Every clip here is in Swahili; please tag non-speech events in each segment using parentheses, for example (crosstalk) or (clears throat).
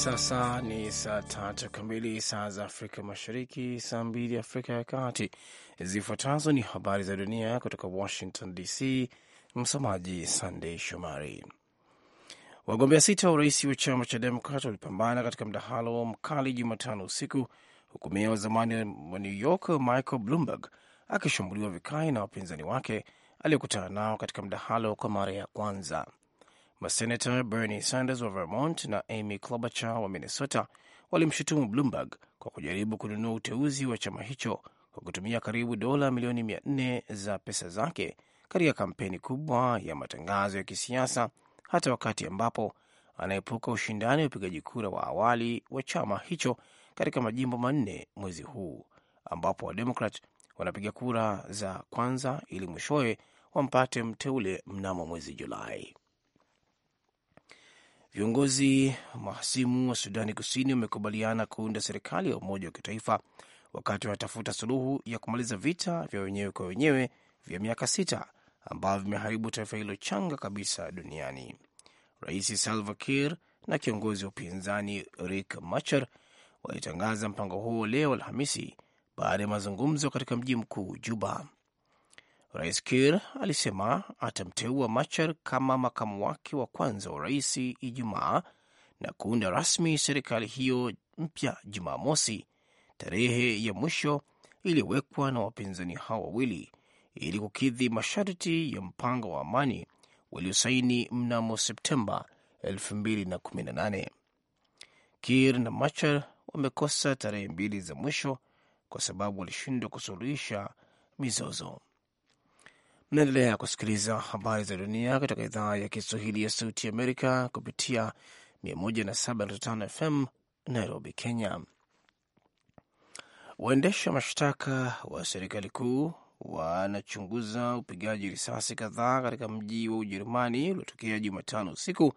sasa ni saa tatu kamili saa za Afrika Mashariki, saa mbili Afrika ya Kati. Zifuatazo ni habari za dunia kutoka Washington DC. Msomaji Sandey Shomari. Wagombea sita wa urais wa chama cha Demokrat walipambana katika mdahalo mkali Jumatano usiku huku meya wa zamani wa New York Michael Bloomberg akishambuliwa vikali na wapinzani wake aliyokutana nao katika mdahalo kwa mara ya kwanza. Masenata Bernie Sanders wa Vermont na Amy Klobuchar wa Minnesota walimshutumu Bloomberg kwa kujaribu kununua uteuzi wa chama hicho kwa kutumia karibu dola milioni mia nne za pesa zake katika kampeni kubwa ya matangazo ya kisiasa, hata wakati ambapo anaepuka ushindani wa upigaji kura wa awali wa chama hicho katika majimbo manne mwezi huu ambapo Wademokrat wanapiga kura za kwanza ili mwishowe wampate mteule mnamo mwezi Julai. Viongozi mahasimu wa Sudani Kusini wamekubaliana kuunda serikali ya umoja wa kitaifa wakati wanatafuta suluhu ya kumaliza vita vya wenyewe kwa wenyewe vya miaka sita ambavyo vimeharibu taifa hilo changa kabisa duniani. Rais Salva Kiir na kiongozi wa upinzani Riek Machar walitangaza mpango huo leo Alhamisi baada ya mazungumzo katika mji mkuu Juba. Rais kir alisema atamteua Machar kama makamu wake wa kwanza wa rais Ijumaa na kuunda rasmi serikali hiyo mpya Jumamosi, tarehe ya mwisho iliyowekwa na wapinzani hao wawili ili kukidhi masharti ya mpango wa amani waliosaini mnamo Septemba 2018. kir na Machar wamekosa tarehe mbili za mwisho kwa sababu walishindwa kusuluhisha mizozo naendelea kusikiliza habari za dunia kutoka idhaa ya Kiswahili ya Sauti Amerika kupitia 107.5 FM Nairobi, Kenya. Waendesha mashtaka wa serikali kuu wanachunguza upigaji risasi kadhaa katika mji wa Ujerumani uliotokea Jumatano usiku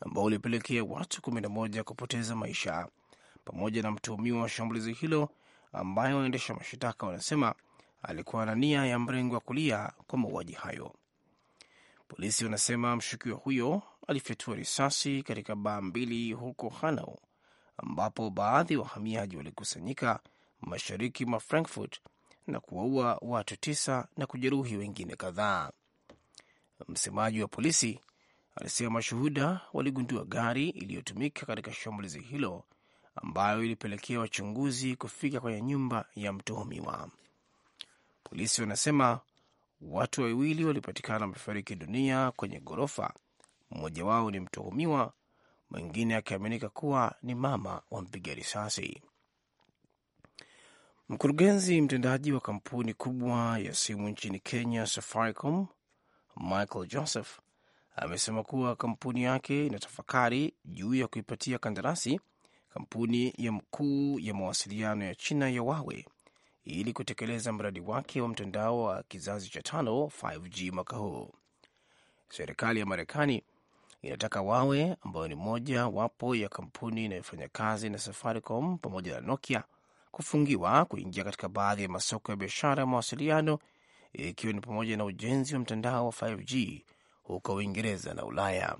ambao ulipelekea watu 11 kupoteza maisha pamoja na mtuhumiwa wa shambulizi hilo ambaye waendesha mashtaka wanasema alikuwa na nia ya mrengo wa kulia kwa mauaji hayo. Polisi wanasema mshukiwa huyo alifyatua risasi katika baa mbili huko Hanau, ambapo baadhi ya wahamiaji walikusanyika mashariki mwa Frankfurt na kuwaua watu tisa na kujeruhi wengine kadhaa. Msemaji wa polisi alisema mashuhuda waligundua gari iliyotumika katika shambulizi hilo ambayo ilipelekea wachunguzi kufika kwenye nyumba ya mtuhumiwa. Polisi wanasema watu wawili walipatikana wamefariki dunia kwenye ghorofa, mmoja wao ni mtuhumiwa, mwingine akiaminika kuwa ni mama wa mpiga risasi. Mkurugenzi mtendaji wa kampuni kubwa ya simu nchini Kenya, Safaricom, Michael Joseph amesema kuwa kampuni yake inatafakari juu ya kuipatia kandarasi kampuni ya mkuu ya mawasiliano ya China ya Huawei ili kutekeleza mradi wake wa mtandao wa kizazi cha tano 5G mwaka huu. Serikali ya Marekani inataka Wawe, ambayo ni moja wapo ya kampuni inayofanya kazi na Safaricom pamoja na Nokia, kufungiwa kuingia katika baadhi ya masoko ya biashara ya mawasiliano, ikiwa ni pamoja na ujenzi wa mtandao wa 5G huko Uingereza na Ulaya.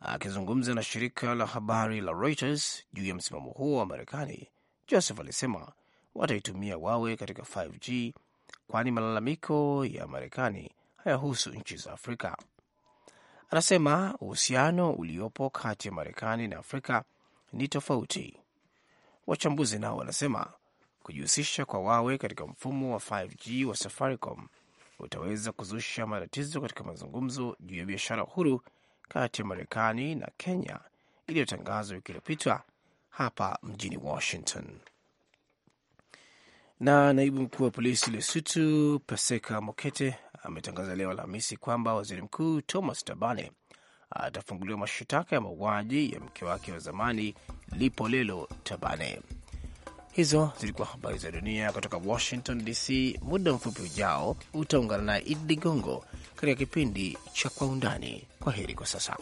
Akizungumza na shirika la habari la Reuters juu ya msimamo huo wa Marekani, Joseph alisema wataitumia wawe katika 5G kwani malalamiko ya Marekani hayahusu nchi za Afrika. Anasema uhusiano uliopo kati ya Marekani na Afrika ni tofauti. Wachambuzi nao wanasema kujihusisha kwa Wawe katika mfumo wa 5G wa Safaricom utaweza kuzusha matatizo katika mazungumzo juu ya biashara huru kati ya Marekani na Kenya iliyotangazwa wiki iliyopita hapa mjini Washington. Na naibu mkuu wa polisi lesutu Paseka Mokete ametangaza leo Alhamisi kwamba waziri mkuu Thomas Tabane atafunguliwa mashitaka ya mauaji ya mke wake wa zamani Lipolelo Tabane. Hizo zilikuwa habari za dunia kutoka Washington DC. Muda mfupi ujao utaungana naye Idi Ligongo katika kipindi cha Kwa Undani. Kwa heri kwa sasa.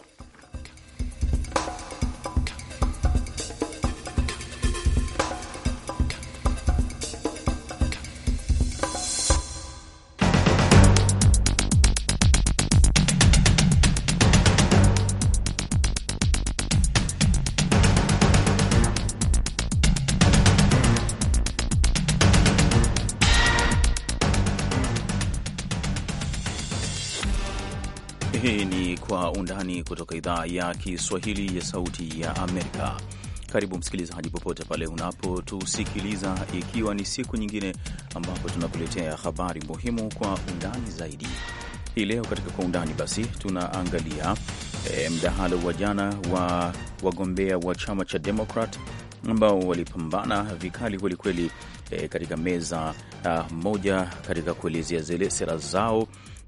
idhaa ya Kiswahili ya Sauti ya Amerika. Karibu msikilizaji, popote pale unapotusikiliza, ikiwa ni siku nyingine ambapo tunakuletea habari muhimu kwa undani zaidi. Hii leo katika kwa undani basi tunaangalia e, mdahalo wa jana wa wagombea wa chama cha Demokrat ambao walipambana vikali kwelikweli e, eh, katika meza a, ah, moja katika kuelezea zile sera zao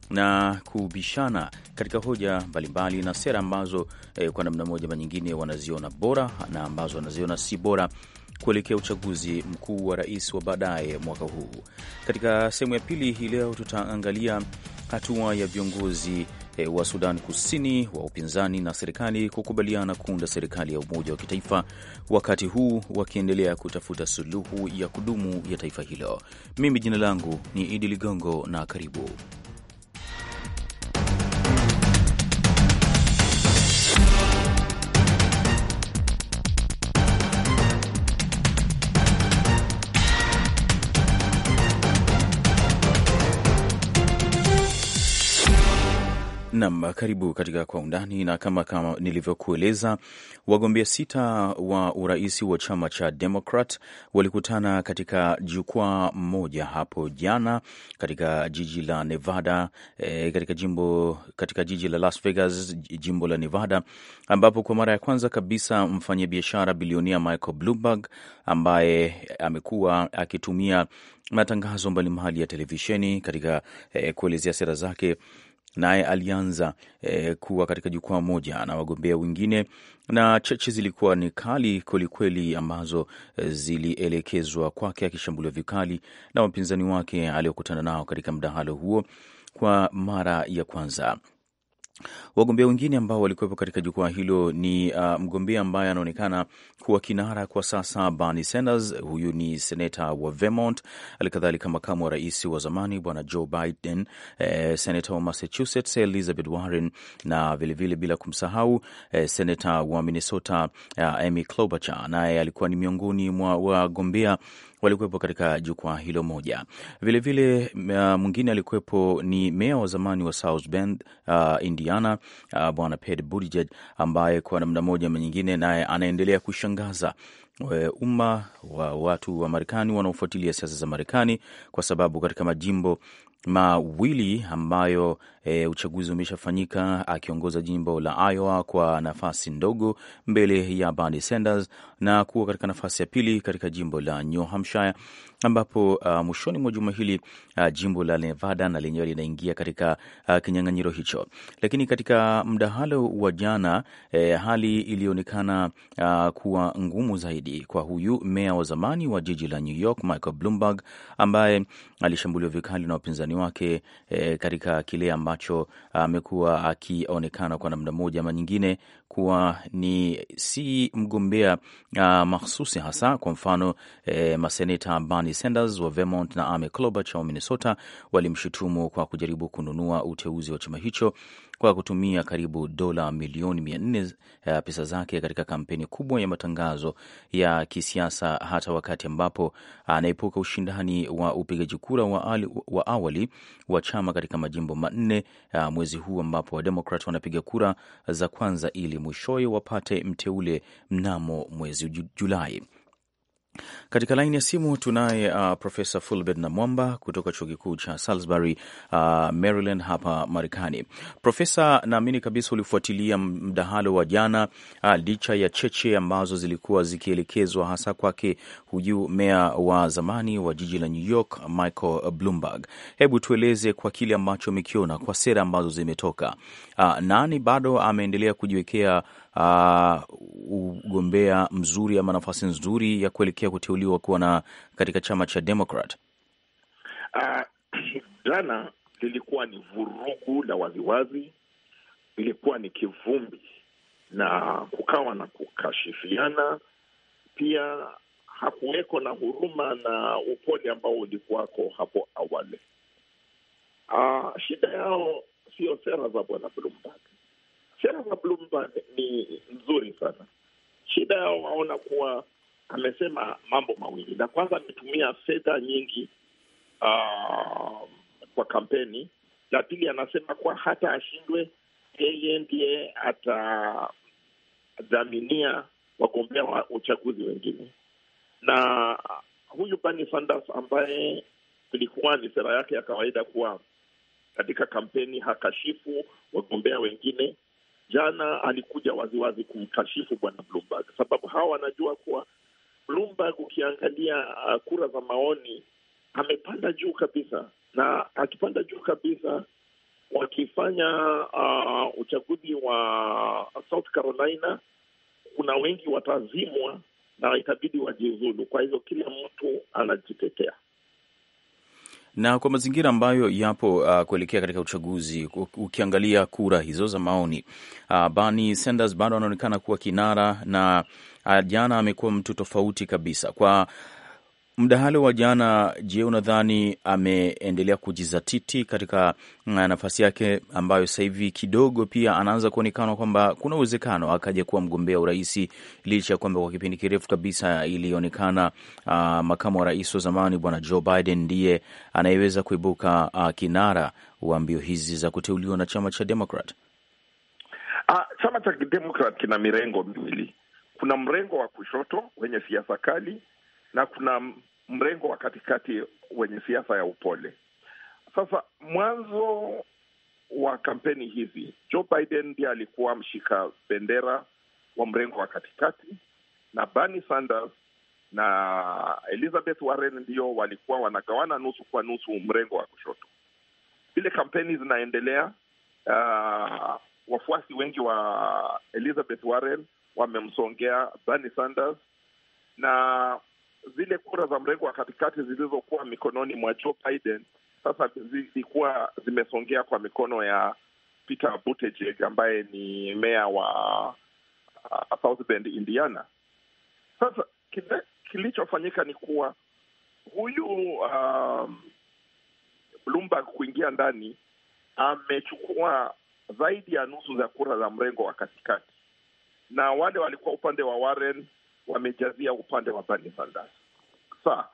na kubishana katika hoja mbalimbali na sera ambazo eh, kwa namna moja manyingine wanaziona bora na ambazo wanaziona si bora kuelekea uchaguzi mkuu wa rais wa baadaye mwaka huu. Katika sehemu ya pili hii leo tutaangalia hatua ya viongozi e, wa Sudan Kusini wa upinzani na serikali kukubaliana kuunda serikali ya umoja wa kitaifa wakati huu wakiendelea kutafuta suluhu ya kudumu ya taifa hilo. Mimi jina langu ni Idi Ligongo na karibu Nam, karibu katika Kwa Undani na kama, kama nilivyokueleza, wagombea sita wa urais wa chama cha Demokrat walikutana katika jukwaa moja hapo jana katika jiji la Nevada e, katika jimbo katika jiji la Las Vegas, jimbo la Nevada, ambapo kwa mara ya kwanza kabisa mfanyabiashara bilionia Michael Bloomberg ambaye amekuwa akitumia matangazo mbalimbali ya televisheni katika e, kuelezea sera zake naye alianza e, kuwa katika jukwaa moja na wagombea wengine, na cheche zilikuwa ni kali kwelikweli, ambazo eh, zilielekezwa kwake, akishambuliwa vikali na wapinzani wake aliokutana nao katika mdahalo huo kwa mara ya kwanza. Wagombea wengine ambao walikuwepo katika jukwaa hilo ni uh, mgombea ambaye anaonekana kuwa kinara kwa sasa Bernie Sanders. Huyu ni seneta wa Vermont, halikadhalika makamu wa rais wa zamani bwana Joe Biden, eh, seneta wa Massachusetts Elizabeth Warren na vilevile bila kumsahau eh, seneta wa Minnesota eh, Amy Klobuchar, naye alikuwa ni miongoni mwa wagombea walikuwepo katika jukwaa hilo moja. Vilevile uh, mwingine alikuwepo ni meya wa zamani wa South Bend, uh, Indiana, uh, bwana Pete Buttigieg ambaye kwa namna moja ama nyingine naye anaendelea kushangaza uh, umma wa watu wa Marekani wanaofuatilia siasa za Marekani kwa sababu katika majimbo mawili ambayo e, uchaguzi umeshafanyika akiongoza jimbo la Iowa kwa nafasi ndogo mbele ya Bernie Sanders na kuwa katika nafasi ya pili katika jimbo la New Hampshire ambapo uh, mwishoni mwa juma hili uh, jimbo la Nevada na lenyewe linaingia katika uh, kinyang'anyiro hicho. Lakini katika mdahalo wa jana eh, hali ilionekana uh, kuwa ngumu zaidi kwa huyu meya wa zamani wa jiji la New York Michael Bloomberg ambaye alishambuliwa vikali na wapinzani wake eh, katika kile ambacho uh, amekuwa uh, akionekana kwa namna moja ama nyingine kuwa ni si mgombea uh, mahsusi hasa. Kwa mfano eh, maseneta Bernie Bernie Sanders wa Vermont na Amy Klobuchar wa Minnesota walimshutumu kwa kujaribu kununua uteuzi wa chama hicho kwa kutumia karibu dola milioni mia nne ya eh, pesa zake katika kampeni kubwa ya matangazo ya kisiasa, hata wakati ambapo anaepuka ushindani wa upigaji kura wa, wa awali wa chama katika majimbo manne eh, mwezi huu ambapo Wademokrat wanapiga kura za kwanza ili mwishowe wapate mteule mnamo mwezi Julai. Katika laini ya simu tunaye uh, Profesa Fulbert Namwamba kutoka chuo kikuu cha Salisbury, uh, Maryland hapa Marekani. Profesa, naamini kabisa ulifuatilia mdahalo wa jana, uh, licha ya cheche ambazo zilikuwa zikielekezwa hasa kwake huyu meya wa zamani wa jiji la New York Michael Bloomberg. Hebu tueleze kwa kile ambacho umekiona kwa sera ambazo zimetoka, uh, nani bado ameendelea kujiwekea uh, ugombea mzuri ama nafasi nzuri ya kuelekea kuteuliwa kuwa na katika chama cha Democrat? Uh, (clears throat) lilikuwa ni vurugu la waziwazi, lilikuwa ni kivumbi na kukawa na kukashifiana pia hakuweko na huruma na upole ambao ulikuwako hapo awali. Uh, shida yao siyo sera za bwana Bloomberg, sera za Bloomberg ni nzuri sana. Shida yao waona kuwa amesema mambo mawili. La kwanza ametumia fedha nyingi uh, kwa kampeni. La pili anasema kuwa hata ashindwe, yeye ndiye atadhaminia wagombea wa uchaguzi wengine. Na huyu Bernie Sanders ambaye ilikuwa ni sera yake ya kawaida kuwa katika kampeni hakashifu wagombea wengine Jana alikuja waziwazi kumkashifu bwana Bloomberg, sababu hawa wanajua kuwa Bloomberg, ukiangalia uh, kura za maoni amepanda juu kabisa, na akipanda juu kabisa wakifanya uh, uchaguzi wa South Carolina, kuna wengi watazimwa na itabidi wajiuzulu. Kwa hivyo kila mtu anajitetea na kwa mazingira ambayo yapo uh, kuelekea katika uchaguzi, ukiangalia kura hizo za maoni uh, Bernie Sanders bado anaonekana kuwa kinara na uh, jana amekuwa mtu tofauti kabisa kwa mdahalo wa jana, je, unadhani ameendelea kujizatiti katika mm, nafasi yake ambayo sasa hivi kidogo pia anaanza kuonekana kwamba kuna uwezekano akaja kuwa mgombea urais, licha ya kwamba kwa kipindi kirefu kabisa ilionekana uh, makamu wa rais wa zamani bwana Joe Biden ndiye anayeweza kuibuka uh, kinara wa mbio hizi za kuteuliwa na chama cha Demokrat. Uh, ah, chama cha Democrat kina mirengo miwili. Kuna mrengo wa kushoto wenye siasa kali na kuna mrengo wa katikati wenye siasa ya upole. Sasa mwanzo wa kampeni hizi, Joe Biden ndiye alikuwa mshika bendera wa mrengo wa katikati, na Bernie Sanders na Elizabeth Warren ndio walikuwa wanagawana nusu kwa nusu mrengo wa kushoto. Vile kampeni zinaendelea, uh, wafuasi wengi wa Elizabeth Warren wamemsongea Bernie Sanders na zile kura za mrengo wa katikati zilizokuwa mikononi mwa Joe Biden sasa zilikuwa zimesongea kwa mikono ya Peter Buttigieg ambaye ni meya wa uh, South Bend, Indiana. Sasa kile kilichofanyika ni kuwa huyu um, Bloomberg kuingia ndani amechukua zaidi ya nusu za kura za mrengo wa katikati, na wale walikuwa upande wa Warren wamejazia upande wa Bernie Sanders. Sasa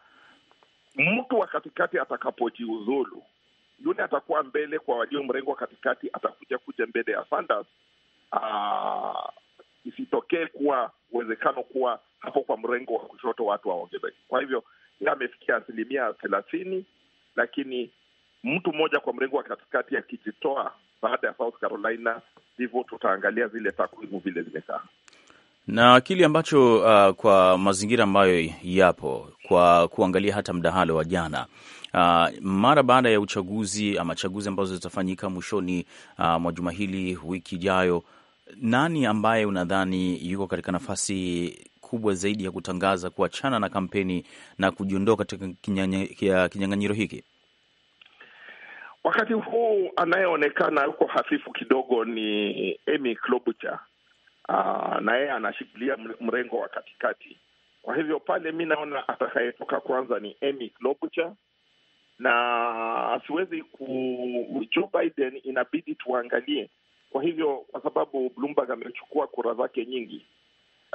mtu wa katikati atakapojiuzulu, yule atakuwa mbele kwa walio mrengo wa katikati, atakuja kuja mbele ya Sanders. Uh, isitokee kuwa uwezekano kuwa hapo kwa mrengo wa kushoto watu waongezeke. Kwa hivyo amefikia asilimia thelathini, lakini mtu mmoja kwa mrengo wa katikati akijitoa baada ya South Carolina, ndivyo tutaangalia zile takwimu vile zimekaa na kile ambacho uh, kwa mazingira ambayo yapo kwa kuangalia hata mdahalo wa jana uh, mara baada ya uchaguzi ama chaguzi ambazo zitafanyika mwishoni uh, mwa juma hili, wiki ijayo, nani ambaye unadhani yuko katika nafasi kubwa zaidi ya kutangaza kuachana na kampeni na kujiondoa katika kinyang'anyiro hiki? Wakati huu anayeonekana yuko hafifu kidogo ni Amy Klobuchar Ah, na yeye anashikilia mrengo wa katikati. Kwa hivyo pale mi naona atakayetoka kwanza ni Amy Klobuchar na siwezi ku Joe Biden inabidi tuangalie. Kwa hivyo kwa sababu Bloomberg amechukua kura zake nyingi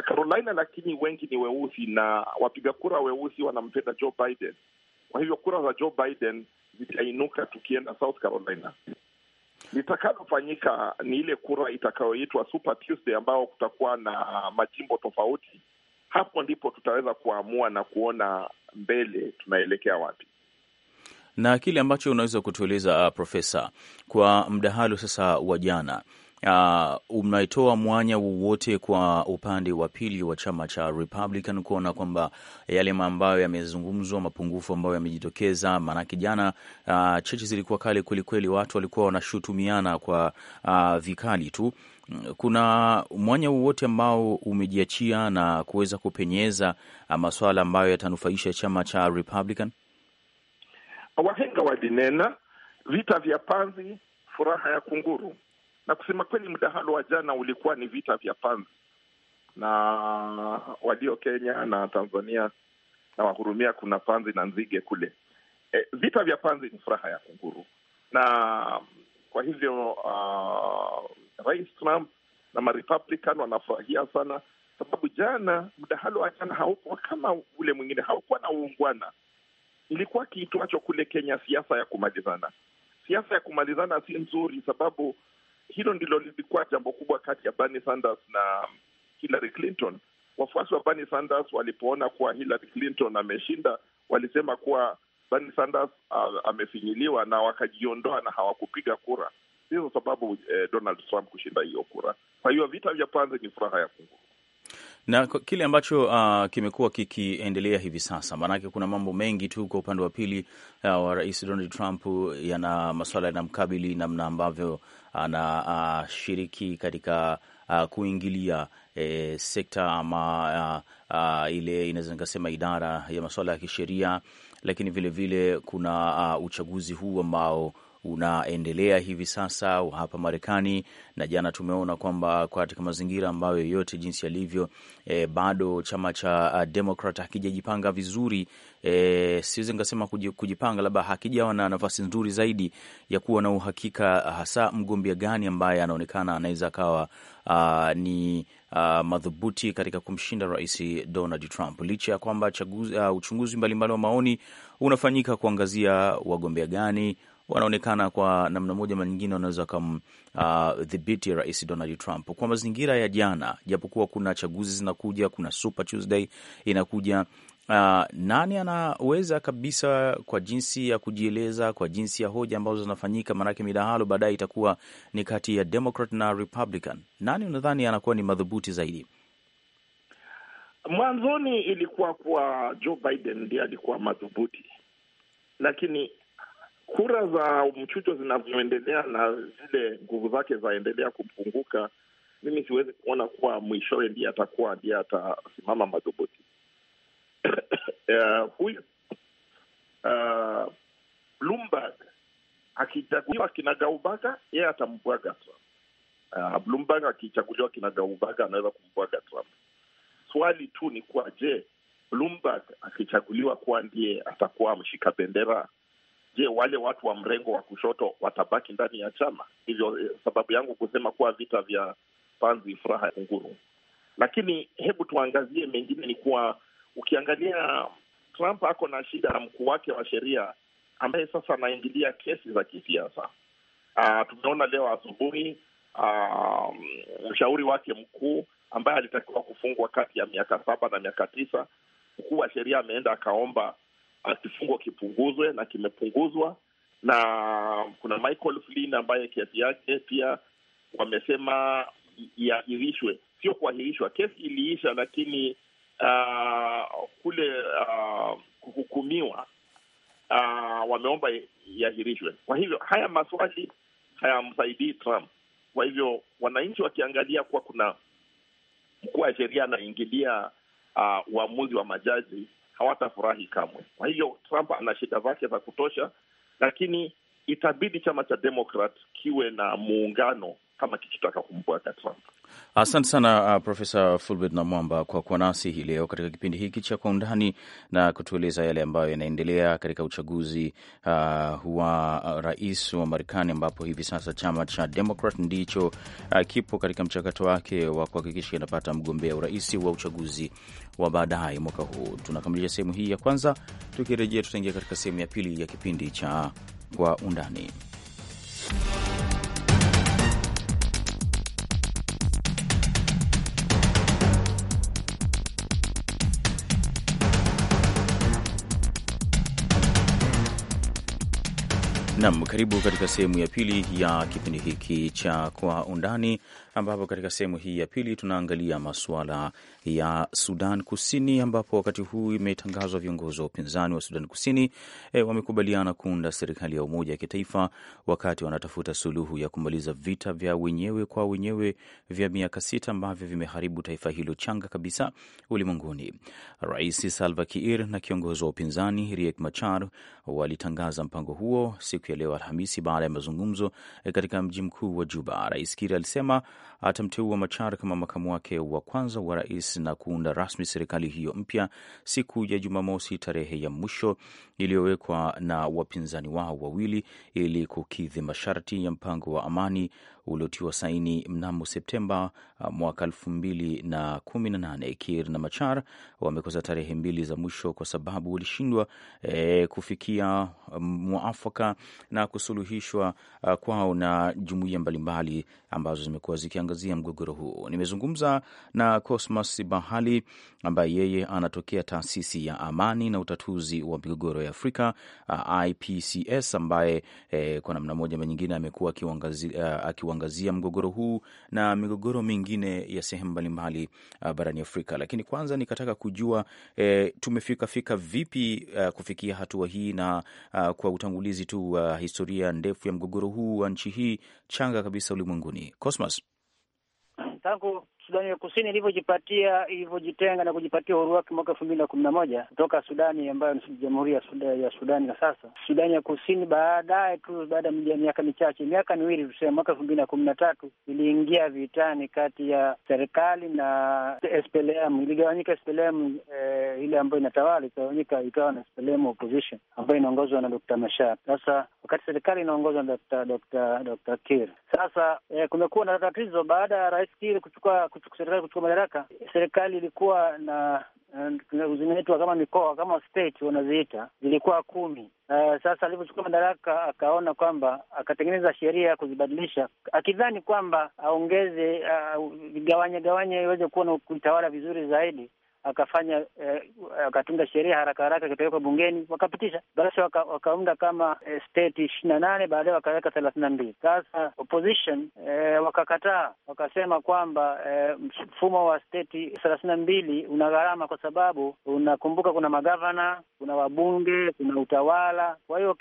Carolina, lakini wengi ni weusi na wapiga kura weusi wanampenda Joe Biden. Kwa hivyo kura za Joe Biden zitainuka tukienda South Carolina. Litakalofanyika ni ile kura itakayoitwa Super Tuesday, ambao kutakuwa na majimbo tofauti. Hapo ndipo tutaweza kuamua na kuona mbele tunaelekea wapi na kile ambacho unaweza kutueleza uh, Profesa, kwa mdahalo sasa wa jana uh, mnaitoa mwanya wowote kwa upande wa pili wa chama cha Republican kuona kwamba yale ambayo yamezungumzwa, mapungufu ambayo yamejitokeza? Maanake jana uh, cheche zilikuwa kale kwelikweli, watu walikuwa wanashutumiana kwa uh, vikali tu. Kuna mwanya wowote ambao umejiachia na kuweza kupenyeza uh, masuala ambayo yatanufaisha chama cha Republican? Wahenga walinena vita vya panzi, furaha ya kunguru na kusema kweli, mdahalo wa jana ulikuwa ni vita vya panzi, na walio Kenya na Tanzania na wahurumia, kuna panzi na nzige kule. E, vita vya panzi ni furaha ya kunguru, na kwa hivyo uh, Rais Trump na Marepublican wanafurahia sana sababu jana mdahalo wa jana haukuwa kama ule mwingine, haukuwa na uungwana. Ilikuwa kiitwacho kule Kenya siasa ya kumalizana. Siasa ya kumalizana si nzuri, sababu hilo ndilo lilikuwa jambo kubwa kati ya Bernie Sanders na Hillary Clinton. Wafuasi wa Bernie Sanders walipoona kuwa Hillary Clinton ameshinda, walisema kuwa Bernie Sanders amefinyiliwa na wakajiondoa na hawakupiga kura. Ndizo sababu eh, Donald Trump kushinda hiyo kura. Kwa hiyo vita vya panzi ni furaha ya kunguru na kile ambacho uh, kimekuwa kikiendelea hivi sasa, maanake kuna mambo mengi tu kwa upande wa pili uh, wa Rais Donald Trump yana maswala yanamkabili, namna ambavyo anashiriki uh, katika uh, kuingilia eh, sekta ama uh, uh, ile inaweza nikasema idara ya maswala ya kisheria, lakini vilevile vile kuna uh, uchaguzi huu ambao unaendelea hivi sasa hapa Marekani, na jana tumeona kwamba katika mazingira ambayo yote jinsi yalivyo, e, bado chama cha uh, Demokrat hakijajipanga vizuri e, siwezi nikasema kujipanga, labda hakijawa na nafasi nzuri zaidi ya kuwa na uhakika hasa mgombea gani ambaye anaonekana anaweza akawa Uh, ni uh, madhubuti katika kumshinda Rais Donald Trump licha ya kwamba uh, uchunguzi mbalimbali wa maoni unafanyika kuangazia wagombea gani wanaonekana kwa namna moja ama nyingine wanaweza wakamdhibiti uh, Rais Donald Trump kwa mazingira ya jana, japokuwa kuna chaguzi zinakuja, kuna Super Tuesday inakuja. Uh, nani anaweza kabisa kwa jinsi ya kujieleza, kwa jinsi ya hoja ambazo zinafanyika, maanake midahalo baadaye itakuwa ni kati ya Democrat na Republican. Nani unadhani anakuwa ni madhubuti zaidi? Mwanzoni ilikuwa kuwa Joe Biden ndiye alikuwa madhubuti, lakini kura za mchujo zinavyoendelea na zile nguvu zake zaendelea kupunguka, mimi siwezi kuona kuwa mwishowe ndiye atakuwa ndiye atasimama madhubuti. Uh, (coughs) huyu uh, Bloomberg akichaguliwa kina Gaubaga, yeye atambwaga Trump. Uh, Bloomberg akichaguliwa kina anaweza kumbwaga Trump. Swali tu ni kuwa je, Bloomberg akichaguliwa kuwa ndiye atakuwa ameshika bendera Je, wale watu wa mrengo wa kushoto watabaki ndani ya chama? Hivyo eh, sababu yangu kusema kuwa vita vya panzi furaha ya kunguru. Lakini hebu tuangazie mengine, ni kuwa ukiangalia Trump ako na shida na mkuu wake wa sheria ambaye sasa anaingilia kesi za kisiasa. Uh, tumeona leo asubuhi uh, mshauri wake mkuu ambaye alitakiwa kufungwa kati ya miaka saba na miaka tisa, mkuu wa sheria ameenda akaomba kifungo kipunguzwe, na kimepunguzwa. Na kuna Michael Flynn ambaye kesi yake pia wamesema iahirishwe, sio kuahirishwa, kesi iliisha, lakini uh, kule uh, kuhukumiwa uh, wameomba iahirishwe. Kwa hivyo haya maswali hayamsaidii Trump. Kwa hivyo wananchi wakiangalia kuwa kuna mkuu wa sheria anaingilia uh, uamuzi wa majaji hawatafurahi kamwe. Kwa hiyo Trump ana shida zake za kutosha, lakini itabidi chama cha demokrat kiwe na muungano kama kikitaka kumbwaga Trump. Asante sana uh, Profesa Fulbert Namwamba kwa kuwa nasi hii leo katika kipindi hiki cha Kwa Undani na kutueleza yale ambayo yanaendelea katika uchaguzi uh, wa uh, rais wa Marekani, ambapo hivi sasa chama cha Demokrat ndicho uh, kipo katika mchakato wake wa kuhakikisha inapata mgombea urais wa uchaguzi wa baadaye mwaka huu. Tunakamilisha sehemu hii ya kwanza, tukirejea tutaingia katika sehemu ya pili ya kipindi cha Kwa Undani. Nam, karibu katika sehemu ya pili ya kipindi hiki cha Kwa Undani, ambapo katika sehemu hii ya pili tunaangalia masuala ya Sudan Kusini, ambapo wakati huu imetangazwa viongozi wa upinzani wa Sudan Kusini e, wamekubaliana kuunda serikali ya umoja ya kitaifa wakati wanatafuta suluhu ya kumaliza vita vya wenyewe kwa wenyewe vya miaka sita ambavyo vimeharibu taifa hilo changa kabisa ulimwenguni. Rais Salva Kiir na kiongozi wa upinzani Riek Machar walitangaza mpango huo siku ya leo Alhamisi baada ya mazungumzo eh, katika mji mkuu wa Juba. Rais Kiir alisema atamteua Machar kama makamu wake wa kwanza wa rais na kuunda rasmi serikali hiyo mpya siku ya Jumamosi, tarehe ya mwisho iliyowekwa na wapinzani wao wawili ili kukidhi masharti ya mpango wa amani uliotiwa saini mnamo Septemba Uh, mwaka elfu mbili na Machar wamekosa tarehe mbili za mwisho kwa sababu walishindwa e, kufikia um, mwafaka na kusuluhishwa a, uh, kwao na jumuiya mbalimbali ambazo zimekuwa zikiangazia mgogoro huu. Nimezungumza na Cosmas Bahali ambaye yeye anatokea taasisi ya amani na utatuzi wa migogoro ya Afrika uh, IPCS ambaye e, kwa namna moja ama nyingine amekuwa akiuangazia mgogoro huu na migogoro mingi mengine ya sehemu mbalimbali uh, barani Afrika. Lakini kwanza nikataka kujua eh, tumefikafika vipi uh, kufikia hatua hii, na uh, kwa utangulizi tu wa uh, historia ndefu ya mgogoro huu wa nchi hii changa kabisa ulimwenguni. Cosmas, tangu Sudani ya Kusini ilivyojipatia ilivyojitenga na kujipatia uhuru wake mwaka elfu mbili na kumi na moja kutoka Sudani ambayo ni jamhuri ya Sudani ya Sudani na sasa Sudani ya Kusini, baadaye tu baada ya miaka michache, miaka miwili tuseme, mwaka elfu mbili na kumi na tatu iliingia vitani kati ya serikali na SPLM. Iligawanyika SPLM eh, ile ambayo inatawala ikagawanyika ikawa na SPLM opposition ambayo inaongozwa na Dr. Machar. Sasa wakati serikali inaongozwa na Dr. Dr. Dr. Kir. Sasa eh, kumekuwa na tatizo baada ya Rais Kir kuchukua serikali kuchukua madaraka, serikali ilikuwa na eh, zinaitwa kama mikoa kama state wanaziita, zilikuwa kumi. Uh, sasa alivyochukua madaraka akaona kwamba akatengeneza sheria kuzibadilisha, akidhani kwamba aongeze uh, ah, gawanye gawanye iweze kuwa na kuitawala vizuri zaidi akafanya eh, akatunga sheria haraka haraka, akipelekwa bungeni wakapitisha, basi waka, wakaunda kama eh, state ishirini na nane baadaye wakaweka thelathini na mbili. Sasa opposition eh, wakakataa, wakasema kwamba eh, mfumo wa state thelathini na mbili una gharama, kwa sababu unakumbuka kuna magavana, kuna wabunge, kuna utawala. Kwa hiyo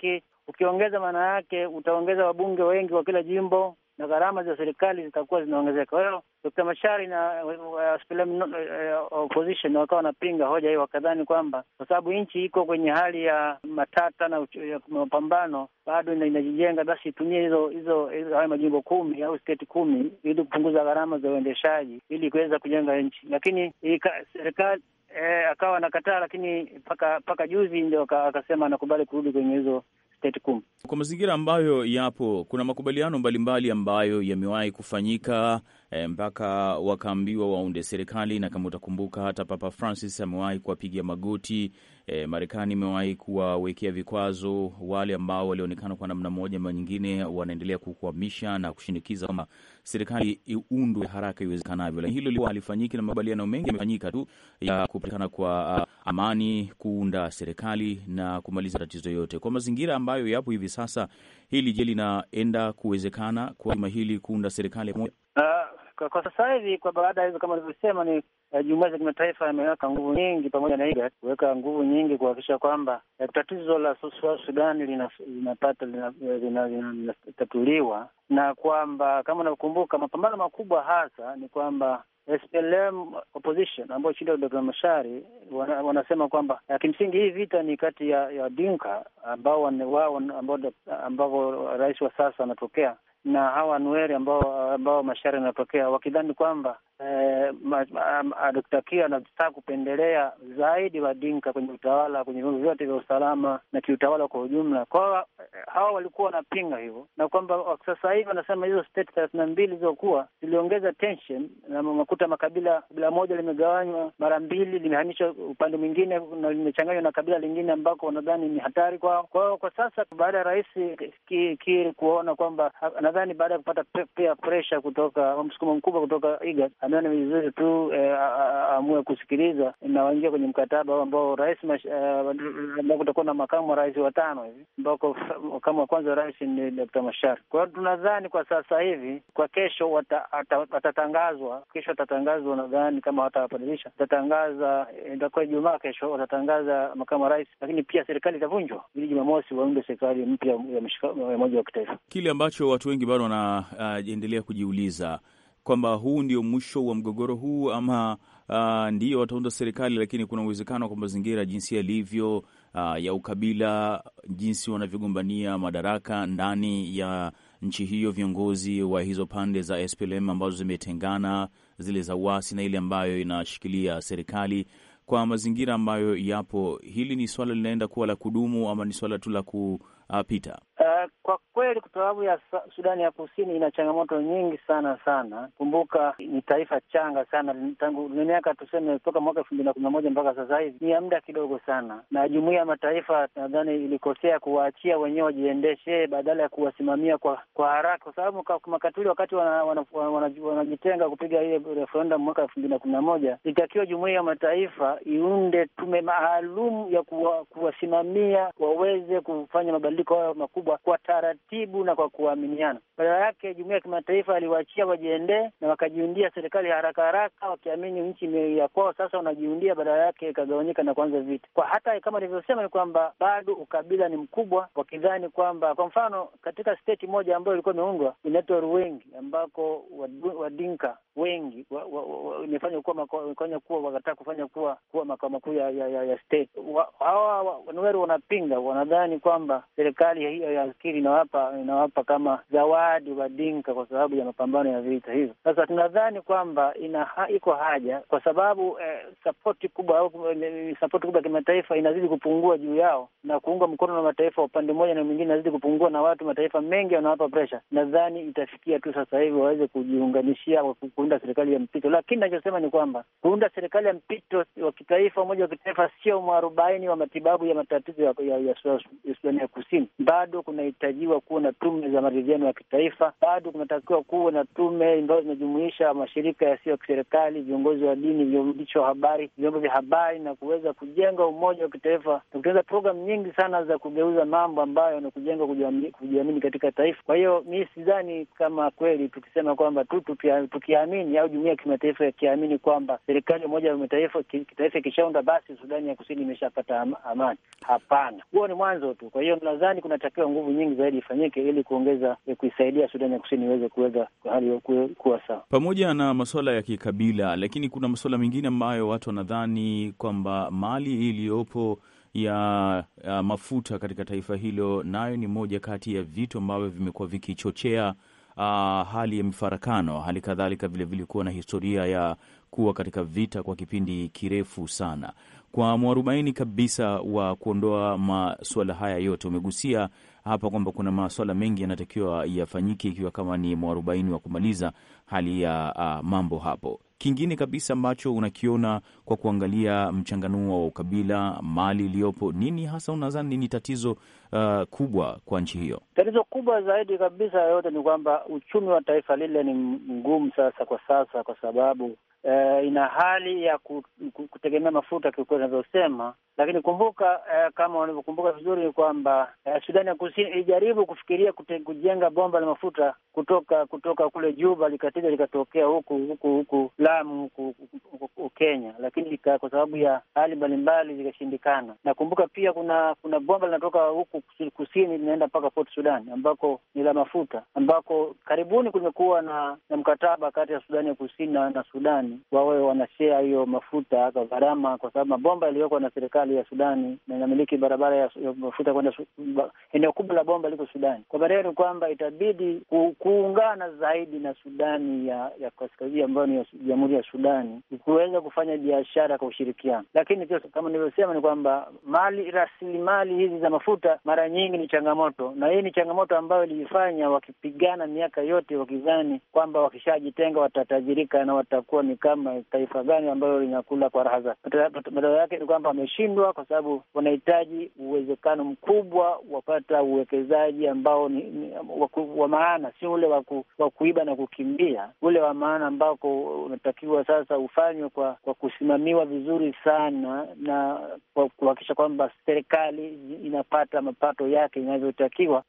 ukiongeza, maana yake utaongeza wabunge wengi kwa kila jimbo na gharama za serikali zitakuwa zinaongezeka. Kwa hiyo Dr. Mashari na eh, eh, opposition wakawa wanapinga hoja hiyo, wakadhani kwamba kwa sababu nchi iko kwenye hali ya matata na mapambano bado inajijenga, basi itumie hizo hizo hayo majimbo kumi au steti kumi ili kupunguza gharama za uendeshaji ili kuweza kujenga nchi, lakini serikali E, akawa anakataa, lakini mpaka juzi ndio akasema anakubali kurudi kwenye hizo kwa mazingira ambayo yapo, kuna makubaliano mbalimbali ambayo yamewahi kufanyika e, mpaka wakaambiwa waunde serikali, na kama utakumbuka hata Papa Francis amewahi kuwapiga magoti E, Marekani imewahi kuwawekea vikwazo wale ambao walionekana kwa namna moja ama nyingine wanaendelea kukwamisha na kushinikiza kama serikali iundwe haraka iwezekanavyo, lakini hilo lilikuwa halifanyiki, na makubaliano mengi yamefanyika tu ya kupatikana kwa uh, amani, kuunda serikali na kumaliza tatizo yote. Kwa mazingira ambayo yapo hivi sasa, hili je, linaenda kuwezekana kwa juma hili kuunda serikali kwa, kwa sasa hivi kwa baada ya hizo kama ulivyosema ni uh, jumuiya za kimataifa imeweka nguvu nyingi pamoja na IGAD kuweka nguvu nyingi kuhakikisha kwamba uh, tatizo la Sudani linapata linatatuliwa eh, lina, lina, lina, na kwamba kama unavyokumbuka mapambano makubwa hasa ni kwamba SPLM opposition ambayo chini ya Dr. Mashari wana, wanasema kwamba kimsingi hii vita ni kati ya, ya Dinka ambao wao ambao ambao rais wa sasa anatokea na hawa Nueri ambao ambao mashari yanatokea wakidhani kwamba eh, ah, Dkt. Kia anataka kupendelea zaidi Wadinka kwenye utawala, kwenye vyombo vyote vya usalama na kiutawala kwa ujumla. Kwa hawa walikuwa wanapinga hivyo, na kwamba sasa hivi wanasema hizo state thelathini na mbili zilizokuwa ziliongeza tension, na makuta makabila, kabila moja limegawanywa mara mbili, limehamishwa upande mwingine na limechanganywa na kabila lingine ambako wanadhani ni hatari kwao. Kwa hiyo kwa sasa baada ya rais Kiir kuona kwamba, nadhani baada ya kupata pia pressure kutoka msukumo mkubwa kutoka IGAD, ameona vizuri tu eh, aamue kusikiliza na waingia kwenye mkataba ambao rais eh, kutakuwa na makamu wa rais watano hivi ambako makamu wa kwanza wa rais ni Dr. Mashar. Kwa hiyo tunadhani kwa sasa hivi, kwa kesho watatangazwa wata, kesho watatangazwa, nadhani kama watawabadilisha, watatangaza itakuwa Ijumaa kesho, watatangaza makamu wa rais, lakini pia serikali itavunjwa ili Jumamosi waunde serikali mpya ya umoja wa kitaifa. Kile ambacho watu wengi bado wanaendelea uh, kujiuliza kwamba huu ndio mwisho wa mgogoro huu ama uh, ndio wataunda serikali, lakini kuna uwezekano kwa mazingira jinsi yalivyo uh, ya ukabila, jinsi wanavyogombania madaraka ndani ya nchi hiyo, viongozi wa hizo pande za SPLM ambazo zimetengana, zile za uasi na ile ambayo inashikilia serikali kwa mazingira ambayo yapo, hili ni swala linaenda kuwa la kudumu ama ni swala tu la ku uh, Peter? Uh, kwa kweli kwa sababu ya Sudani ya Kusini ina changamoto nyingi sana sana. Kumbuka ni taifa changa sana, tangu ni miaka tuseme, toka mwaka elfu mbili na kumi na moja mpaka sasa hivi ni ya muda kidogo sana, na jumuiya ya mataifa nadhani ilikosea kuwaachia wenyewe wajiendeshe badala ya kuwasimamia kwa kwa haraka, kwa sababu makatuli wakati wanajitenga wana, wana, wana kupiga ile referendum mwaka elfu mbili na kumi na moja ilitakiwa jumuiya ya mataifa iunde tume maalum ya kuwa, kuwasimamia waweze kufanya mabadiliko mabadiliko hayo makubwa kwa taratibu na kwa kuaminiana. Badala yake, jumuiya ya kimataifa aliwaachia wajiendee na wakajiundia serikali haraka haraka, wakiamini nchi ya kwao. Sasa wanajiundia, badala yake ikagawanyika na kuanza vita. Kwa hata kama ilivyosema ni kwamba bado ukabila ni mkubwa, wakidhani kwamba, kwa mfano, katika steti moja ambayo ilikuwa imeundwa inaitwa Ruwengi, ambako Wadinka wengi imefanya kuwa wakataka kufanya kuwa kuwa makao makuu ya ya, ya, ya state. Hawa Wanueru wanapinga, wanadhani kwamba serikali hiyo ya askiri inawapa inawapa kama zawadi Wadinka kwa sababu ya mapambano ya vita hivyo. Sasa tunadhani kwamba ina iko haja kwa sababu eh, sapoti kubwa au sapoti kubwa ya kimataifa inazidi kupungua juu yao, na kuunga mkono na mataifa upande mmoja na mwingine inazidi kupungua, na watu mataifa mengi wanawapa presha. Nadhani itafikia tu sasa hivi waweze kujiunganishia kuunda serikali ya mpito, lakini nachosema ni kwamba kuunda serikali ya mpito wa kitaifa, umoja wa kitaifa, sio mwarobaini wa matibabu ya matatizo ya, ya, ya, ya Sudani ya Kusini harakimu. Bado kunahitajiwa kuwa na tume za maridhiano ya kitaifa, bado kunatakiwa kuwa na tume ambazo zinajumuisha mashirika yasiyo ya kiserikali, viongozi wa dini, viandishi wa habari, vyombo vya habari, na kuweza kujenga umoja wa kitaifa na kutengeneza programu nyingi sana za kugeuza mambo ambayo na kujenga kujiamini katika taifa. Kwa hiyo mi sidhani kama kweli tukisema kwamba tu tukiamini au jumuia ya kimataifa yakiamini kwamba serikali ya umoja wa mataifa kitaifa ikishaunda basi Sudani ya kusini imeshapata amani. Hapana, huo ni mwanzo tu. Kwa hiyo nadhani nadhani kunatakiwa nguvu nyingi zaidi ifanyike ili kuongeza kuisaidia Sudani ya Kusini iweze kuweza hali kuwa sawa, pamoja na masuala ya kikabila. Lakini kuna masuala mengine ambayo watu wanadhani kwamba mali iliyopo ya, ya mafuta katika taifa hilo nayo ni moja kati ya vitu ambavyo vimekuwa vikichochea uh, hali ya mifarakano, hali kadhalika vilevile kuwa na historia ya kuwa katika vita kwa kipindi kirefu sana. Kwa mwarobaini kabisa wa kuondoa masuala haya yote, umegusia hapa kwamba kuna masuala mengi yanatakiwa yafanyike, ikiwa kama ni mwarobaini wa kumaliza hali ya uh, mambo hapo kingine kabisa ambacho unakiona kwa kuangalia mchanganuo wa ukabila, mali iliyopo, nini hasa unadhani ni tatizo uh, kubwa kwa nchi hiyo? Tatizo kubwa zaidi kabisa yote ni kwamba uchumi wa taifa lile ni mgumu sasa kwa sasa, kwa sababu eh, ina hali ya kutegemea mafuta kiukweli inavyosema, lakini kumbuka eh, kama wanavyokumbuka vizuri ni kwamba eh, Sudani ya Kusini ilijaribu kufikiria kute, kujenga bomba la mafuta kutoka kutoka kule Juba likatiza likatokea huku huku huku Lamu huku, huku, huku Kenya, lakini kwa sababu ya hali mbalimbali zikashindikana. Nakumbuka pia kuna kuna bomba linatoka huku kusini linaenda mpaka Port Sudan ambako ni la mafuta, ambako karibuni kumekuwa na, na mkataba kati ya Sudani ya Kusini na, na Sudani wawe wanashea hiyo mafuta kwa gharama, kwa sababu mabomba yaliyoko na serikali ya Sudani na inamiliki barabara ya, ya mafuta kwenda eneo kubwa la bomba liko Sudani. Kwa maana hiyo ni kwamba itabidi ku, kuungana zaidi na Sudani ya ya kaskazini ambayo ni jamhuri ya, ya Sudani kuweza kufanya biashara kwa ushirikiano, lakini pia kama nilivyosema ni kwamba mali rasilimali hizi za mafuta mara nyingi ni changamoto, na hii ni changamoto ambayo ilijifanya wakipigana miaka yote wakizani kwamba wakishajitenga watatajirika na watakuwa ni kama taifa gani ambalo linakula kwa raha zake. Matokeo yake ni kwamba wameshindwa, kwa sababu wanahitaji uwezekano mkubwa wapata uwekezaji ambao ni, ni, waku, wa maana, sio ule wa kuiba na kukimbia, ule wa maana ambako unatakiwa sasa ufanywe kwa, kwa kusimamiwa vizuri sana na kwa kuhakikisha kwamba serikali inapata mapato yake inavyotakiwa.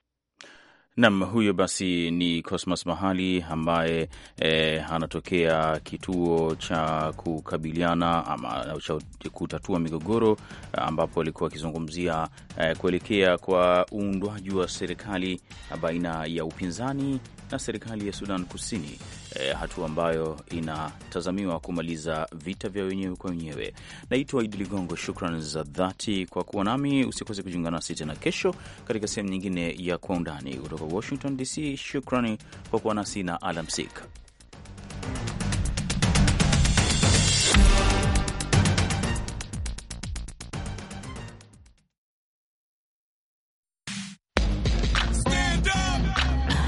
Nam huyo basi ni Cosmas Mahali ambaye e, anatokea kituo cha kukabiliana ama cha kutatua migogoro, eh, ambapo alikuwa akizungumzia e, kuelekea kwa uundwaji wa serikali baina ya upinzani na serikali ya Sudan Kusini e, hatua ambayo inatazamiwa kumaliza vita vya wenyewe kwa wenyewe. Naitwa Idi Ligongo, shukran za dhati kwa kuwa nami. Usikose kujiunga nasi tena kesho katika sehemu nyingine ya Kwa Undani kutoka Washington DC. Shukrani kwa kuwa nasi na alamsik.